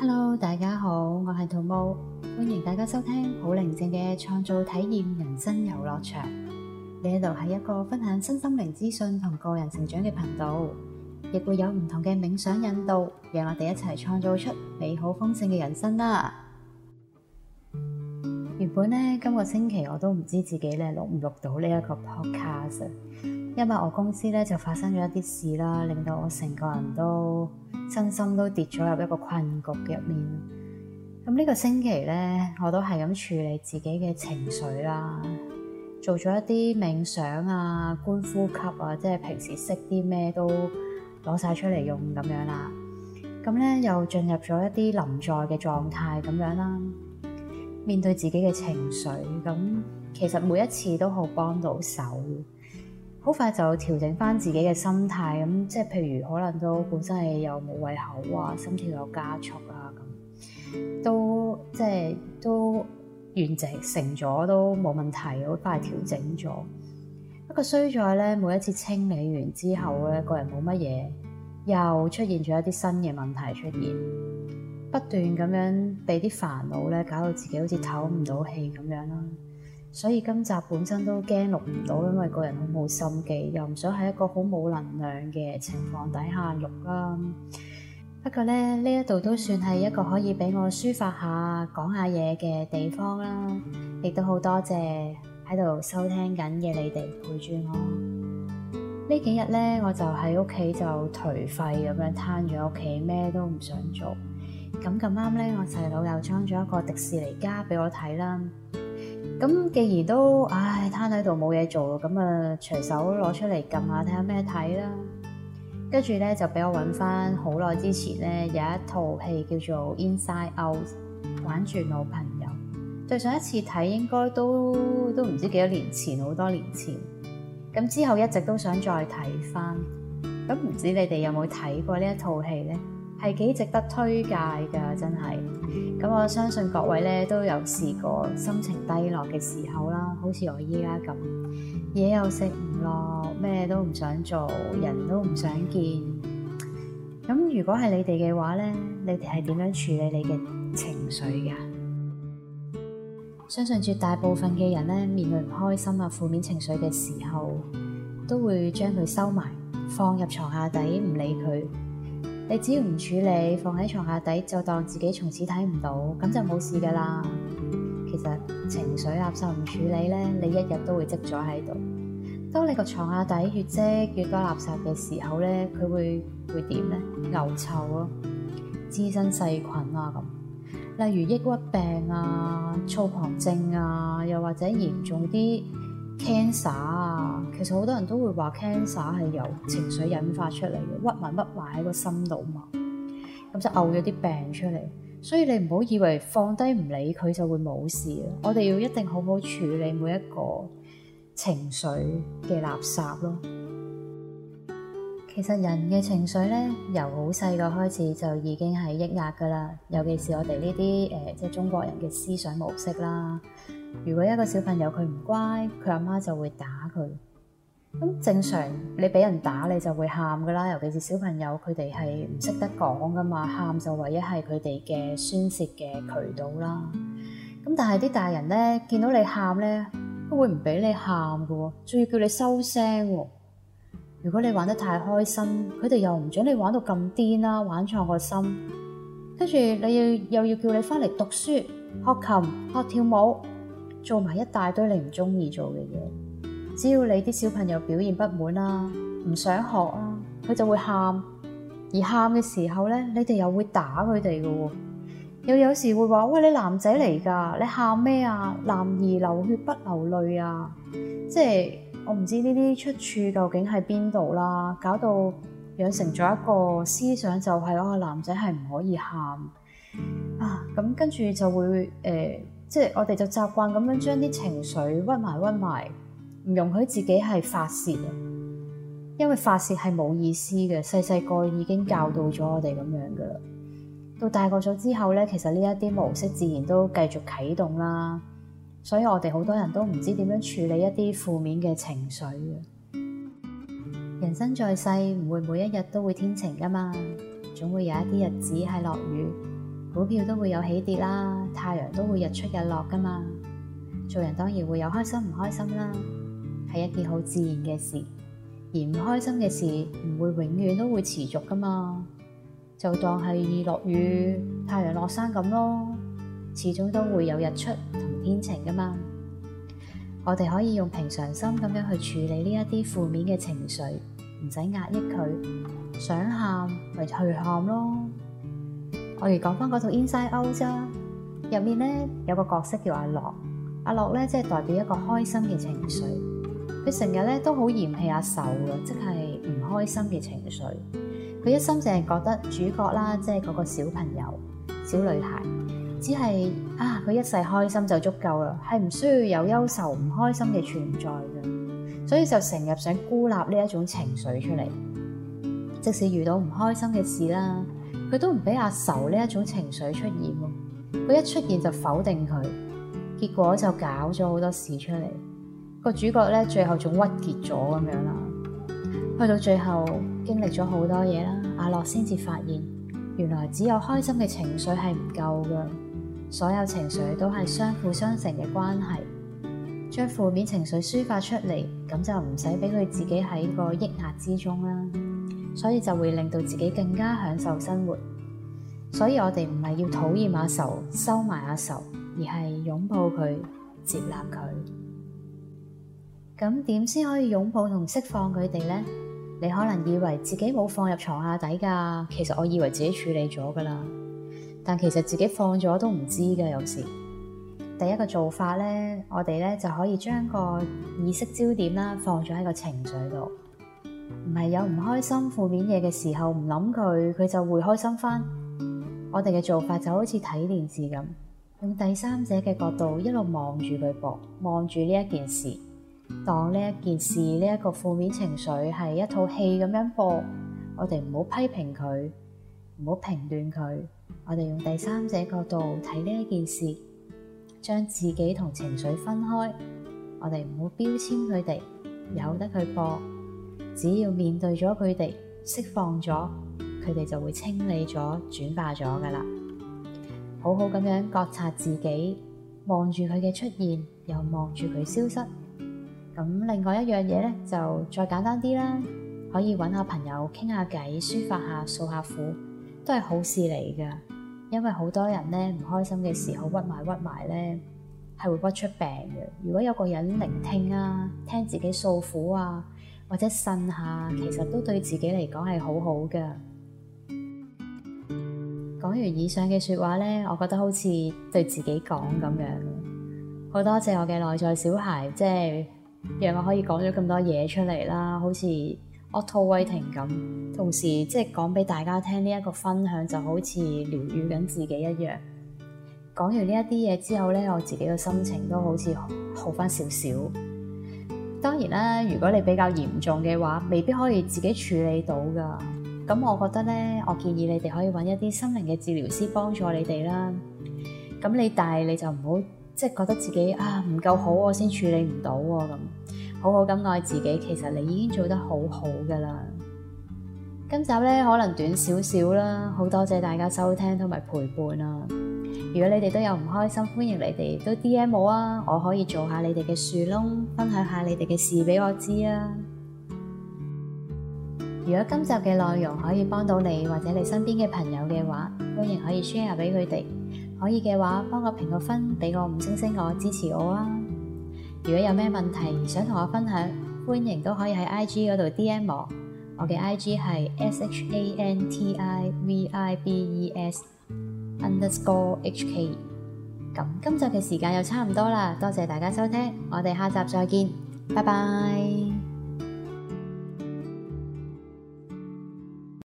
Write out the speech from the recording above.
Hello，大家好，我係兔毛，歡迎大家收聽好寧靜嘅創造體驗人生遊樂場。呢度係一個分享身心靈資訊同個人成長嘅頻道，亦會有唔同嘅冥想引導，讓我哋一齊創造出美好豐盛嘅人生啦。原本呢，今個星期我都唔知自己咧錄唔錄到呢一個 podcast。因為我公司咧就發生咗一啲事啦，令到我成個人都身心都跌咗入一個困局入面。咁呢個星期咧，我都係咁處理自己嘅情緒啦，做咗一啲冥想啊、觀呼吸啊，即係平時識啲咩都攞晒出嚟用咁樣啦。咁咧又進入咗一啲臨在嘅狀態咁樣啦，面對自己嘅情緒，咁其實每一次都好幫到手。好快就調整翻自己嘅心態，咁即係譬如可能都本身係又冇胃口啊，心跳又加速啊，咁都即係都完成咗都冇問題，好快調整咗。不過衰在咧，每一次清理完之後咧，個人冇乜嘢，又出現咗一啲新嘅問題出現，不斷咁樣俾啲煩惱咧，搞到自己好似唞唔到氣咁樣啦。所以今集本身都驚錄唔到，因為個人好冇心機，又唔想喺一個好冇能量嘅情況底下錄啦。不過咧，呢一度都算係一個可以俾我抒發下、講下嘢嘅地方啦。亦都好多謝喺度收聽緊嘅你哋陪住我。呢幾日咧，我就喺屋企就頹廢咁樣攤住屋企，咩都唔想做。咁咁啱咧，我細佬又裝咗一個迪士尼家俾我睇啦。咁既然都唉攤喺度冇嘢做，咁啊隨手攞出嚟撳下睇下，咩睇啦。跟住咧就俾我揾翻好耐之前咧有一套戲叫做 Inside Out 玩轉老朋友。對上一次睇應該都都唔知幾多年前，好多年前。咁之後一直都想再睇翻。咁唔知你哋有冇睇過呢一套戲咧？係幾值得推介㗎，真係。咁我相信各位咧都有試過心情低落嘅時候啦，好似我依家咁，嘢又食唔落，咩都唔想做，人都唔想見。咁如果係你哋嘅話咧，你哋係點樣處理你嘅情緒㗎？相信絕大部分嘅人咧，面對唔開心啊負面情緒嘅時候，都會將佢收埋，放入床下底，唔理佢。你只要唔處理，放喺床下底就當自己從此睇唔到，咁就冇事噶啦。其實情緒垃圾唔處理咧，你一日都會積咗喺度。當你個床下底越積越多垃圾嘅時候咧，佢會會點咧？牛臭咯，滋生細菌啊咁。例如抑鬱病啊、躁狂症啊，又或者嚴重啲。cancer 啊，其實好多人都會話 cancer 係由情緒引發出嚟嘅，屈埋屈埋喺個心度嘛，咁就嘔咗啲病出嚟。所以你唔好以為放低唔理佢就會冇事啊！我哋要一定好好處理每一個情緒嘅垃圾咯。其實人嘅情緒咧，由好細個開始就已經係抑壓噶啦。尤其是我哋呢啲誒，即係中國人嘅思想模式啦。如果一個小朋友佢唔乖，佢阿媽就會打佢。咁正常，你俾人打你就會喊噶啦。尤其是小朋友佢哋係唔識得講噶嘛，喊就唯一係佢哋嘅宣泄嘅渠道啦。咁但係啲大人咧，見到你喊咧，都會唔俾你喊嘅喎，仲要叫你收聲喎。如果你玩得太開心，佢哋又唔准你玩到咁癲啦，玩錯個心，跟住你要又要叫你翻嚟讀書、學琴、學跳舞，做埋一大堆你唔中意做嘅嘢。只要你啲小朋友表現不滿啦，唔想學啦，佢就會喊，而喊嘅時候咧，你哋又會打佢哋㗎喎。又有時會話：喂，你男仔嚟㗎，你喊咩啊？男兒流血不流淚啊！即係。我唔知呢啲出處究竟喺邊度啦，搞到養成咗一個思想，就係，就係嗰個男仔係唔可以喊啊，咁跟住就會誒、呃，即係我哋就習慣咁樣將啲情緒屈埋屈埋，唔容許自己係發泄嘅，因為發泄係冇意思嘅。細細個已經教導咗我哋咁樣噶啦，到大個咗之後咧，其實呢一啲模式自然都繼續啟動啦。所以我哋好多人都唔知點樣處理一啲負面嘅情緒。人生在世，唔會每一日都會天晴㗎嘛，總會有一啲日子係落雨，股票都會有起跌啦，太陽都會日出日落㗎嘛。做人當然會有開心唔開心啦，係一件好自然嘅事。而唔開心嘅事唔會永遠都會持續㗎嘛，就當係落雨、太陽落山咁咯，始終都會有日出。天晴噶嘛。我哋可以用平常心咁樣去處理呢一啲負面嘅情緒，唔使壓抑佢，想喊咪去喊咯。我哋講翻嗰套 Inside Out 啫，入面咧有個角色叫阿樂，阿樂咧即係代表一個開心嘅情緒，佢成日咧都好嫌棄阿愁嘅，即係唔開心嘅情緒，佢一心淨係覺得主角啦，即係嗰個小朋友、小女孩，只係。啊！佢一世開心就足夠啦，係唔需要有憂愁唔開心嘅存在噶，所以就成日想孤立呢一種情緒出嚟。即使遇到唔開心嘅事啦，佢都唔俾阿愁呢一種情緒出現。佢一出現就否定佢，結果就搞咗好多事出嚟。個主角咧最後仲鬱結咗咁樣啦，去到最後經歷咗好多嘢啦，阿樂先至發現原來只有開心嘅情緒係唔夠噶。所有情緒都係相輔相成嘅關係，將負面情緒抒發出嚟，咁就唔使俾佢自己喺個抑壓之中啦。所以就會令到自己更加享受生活。所以我哋唔係要討厭阿愁，收埋阿愁，而係擁抱佢，接納佢。咁點先可以擁抱同釋放佢哋呢？你可能以為自己冇放入床下底噶，其實我以為自己處理咗噶啦。但其實自己放咗都唔知㗎。有時第一個做法咧，我哋咧就可以將個意識焦點啦放咗喺個情緒度，唔係有唔開心負面嘢嘅時候唔諗佢，佢就會開心翻。我哋嘅做法就好似睇電視咁，用第三者嘅角度一路望住佢播，望住呢一件事，當呢一件事呢一個負面情緒係一套戲咁樣播，我哋唔好批評佢，唔好評斷佢。我哋用第三者角度睇呢一件事，將自己同情緒分開，我哋唔好標籤佢哋，由得佢播。只要面對咗佢哋，釋放咗佢哋，就會清理咗轉化咗㗎喇。好好咁樣覺察自己，望住佢嘅出現，又望住佢消失。咁另外一樣嘢呢，就再簡單啲啦，可以搵下朋友傾下偈，抒發下訴下苦。都係好事嚟㗎，因為好多人咧，唔開心嘅時候屈埋屈埋咧，係會屈出病嘅。如果有個人聆聽啊，聽自己訴苦啊，或者呻下，其實都對自己嚟講係好好嘅。講完以上嘅說話咧，我覺得好似對自己講咁樣。好多謝我嘅內在小孩，即係讓我可以講咗咁多嘢出嚟啦，好似 auto venting 咁。同時即係講俾大家聽呢一個分享，就好似療癒緊自己一樣。講完呢一啲嘢之後咧，我自己嘅心情都好似好翻少少。當然啦，如果你比較嚴重嘅話，未必可以自己處理到噶。咁我覺得咧，我建議你哋可以揾一啲心靈嘅治療師幫助你哋啦。咁你，但係你就唔好即係覺得自己啊唔夠好，我先處理唔到喎咁。好好咁愛自己，其實你已經做得好好噶啦。今集咧，可能短少少啦，好多謝大家收聽同埋陪伴啊！如果你哋都有唔開心，歡迎你哋都 D M 我啊，我可以做下你哋嘅樹窿，分享下你哋嘅事俾我知啊。如果今集嘅內容可以幫到你或者你身邊嘅朋友嘅話，歡迎可以 share 俾佢哋。可以嘅話，幫我評個分，俾我五星星我支持我啊。如果有咩問題想同我分享，歡迎都可以喺 I G 嗰度 D M 我。我嘅 IG 係 SHANTIVIBES underscore HK。咁今集嘅時間又差唔多啦，多謝大家收聽，我哋下集再見，拜拜。